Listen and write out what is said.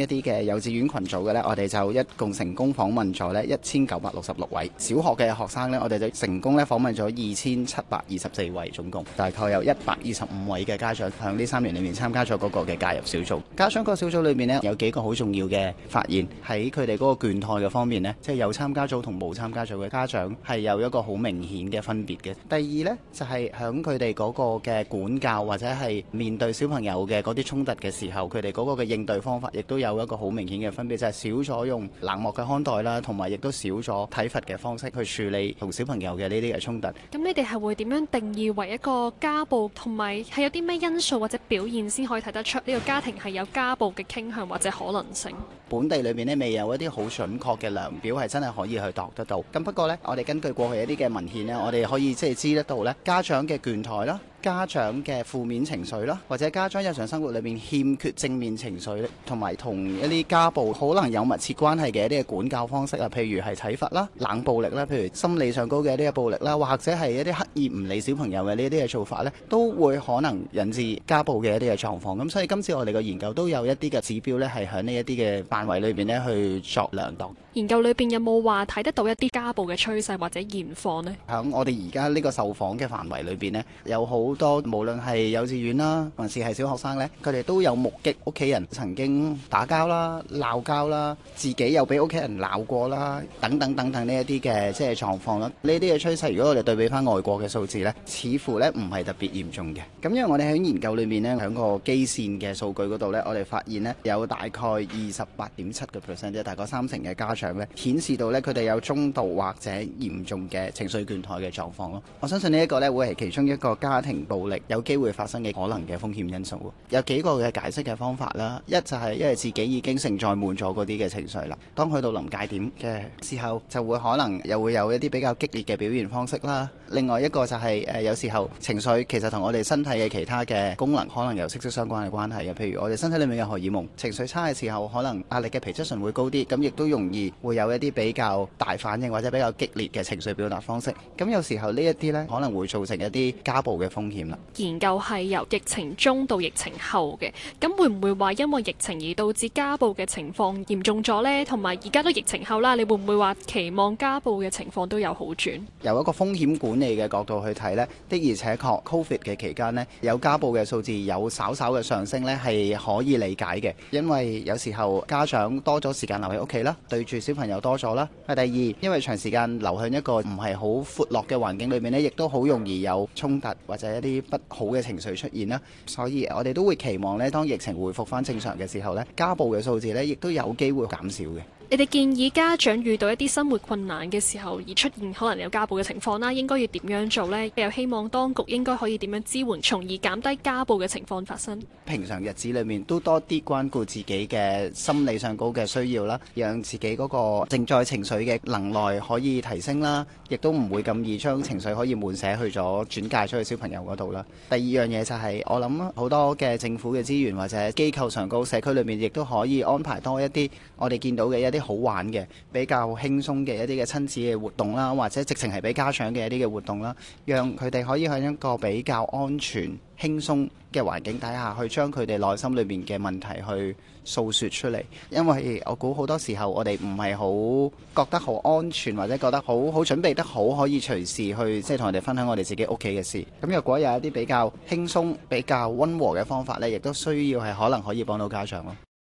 一啲嘅幼稚園群組嘅呢，我哋就一共成功訪問咗呢一千九百六十六位小學嘅學生呢，我哋就成功咧訪問咗二千七百二十四位，總共大概有一百二十五位嘅家長響呢三年裏面參加咗嗰個嘅介入小組。家長個小組裏面呢，有幾個好重要嘅發現喺佢哋嗰個倦怠嘅方面呢，即係有參加組同冇參加組嘅家長係有一個好明顯嘅分別嘅。第二呢，就係響佢哋嗰個嘅管教或者係面對小朋友嘅嗰啲衝突嘅時候，佢哋嗰個嘅應對方法亦都有。有一個好明顯嘅分別，就係少咗用冷漠嘅看待啦，同埋亦都少咗體罰嘅方式去處理同小朋友嘅呢啲嘅衝突。咁你哋係會點樣定義為一個家暴，同埋係有啲咩因素或者表現先可以睇得出呢個家庭係有家暴嘅傾向或者可能性？本地裏面呢，未有一啲好準確嘅量表係真係可以去度得到。咁不過呢，我哋根據過去一啲嘅文獻呢，我哋可以即係知得到呢家長嘅倦怠啦。家長嘅負面情緒啦，或者家長日常生活裏面欠缺正面情緒，同埋同一啲家暴可能有密切關係嘅一啲嘅管教方式啊，譬如係體罰啦、冷暴力啦，譬如心理上高嘅一啲嘅暴力啦，或者係一啲刻意唔理小朋友嘅呢啲嘅做法呢，都會可能引致家暴嘅一啲嘅狀況。咁所以今次我哋個研究都有一啲嘅指標呢，係喺呢一啲嘅範圍裏邊呢去作量度。研究裏邊有冇話睇得到一啲家暴嘅趨勢或者現況呢？喺我哋而家呢個受訪嘅範圍裏邊呢，有好好多，無論係幼稚園啦，還是係小學生呢，佢哋都有目擊屋企人曾經打交啦、鬧交啦，自己又俾屋企人鬧過啦，等等等等呢一啲嘅即係狀況咯。呢啲嘅趨勢，如果我哋對比翻外國嘅數字呢，似乎呢唔係特別嚴重嘅。咁因為我哋喺研究裏面呢喺個基線嘅數據嗰度呢，我哋發現呢有大概二十八點七個 percent，即係大概三成嘅家長呢顯示到呢，佢哋有中度或者嚴重嘅情緒倦怠嘅狀況咯。我相信呢一個呢，會係其中一個家庭。暴力有機會發生嘅可能嘅風險因素，有幾個嘅解釋嘅方法啦。一就係因為自己已經承載滿咗嗰啲嘅情緒啦，當去到臨界點嘅時候，就會可能又會有一啲比較激烈嘅表現方式啦。另外一個就係誒，有時候情緒其實同我哋身體嘅其他嘅功能可能有息息相關嘅關係嘅。譬如我哋身體裡面嘅荷爾蒙，情緒差嘅時候，可能壓力嘅皮質醇會高啲，咁亦都容易會有一啲比較大反應或者比較激烈嘅情緒表達方式。咁有時候這些呢一啲呢，可能會造成一啲家暴嘅風。研究係由疫情中到疫情後嘅，咁會唔會話因為疫情而導致家暴嘅情況嚴重咗呢？同埋而家都疫情後啦，你會唔會話期望家暴嘅情況都有好轉？由一個風險管理嘅角度去睇呢，的而且確，COVID 嘅期間呢，有家暴嘅數字有稍稍嘅上升呢，係可以理解嘅，因為有時候家長多咗時間留喺屋企啦，對住小朋友多咗啦。第二，因為長時間留喺一個唔係好闊落嘅環境裏面呢，亦都好容易有衝突或者啲不好嘅情緒出現啦，所以我哋都會期望咧，當疫情回復翻正常嘅時候咧，家暴嘅數字咧，亦都有機會減少嘅。你哋建議家長遇到一啲生活困難嘅時候而出現可能有家暴嘅情況啦，應該要點樣做呢？又希望當局應該可以點樣支援，從而減低家暴嘅情況發生。平常日子裏面都多啲關顧自己嘅心理上高嘅需要啦，讓自己嗰個正面情緒嘅能耐可以提升啦，亦都唔會咁易將情緒可以滿瀉去咗轉介出去小朋友嗰度啦。第二樣嘢就係、是、我諗好多嘅政府嘅資源或者機構上高社區裏面亦都可以安排多一啲我哋見到嘅一啲，好玩嘅，比較輕鬆嘅一啲嘅親子嘅活動啦，或者直情係俾家長嘅一啲嘅活動啦，讓佢哋可以喺一個比較安全、輕鬆嘅環境底下，去將佢哋內心裏面嘅問題去訴説出嚟。因為我估好多時候，我哋唔係好覺得好安全，或者覺得好好準備得好，可以隨時去即係同佢哋分享我哋自己屋企嘅事。咁若果有一啲比較輕鬆、比較溫和嘅方法呢，亦都需要係可能可以幫到家長咯。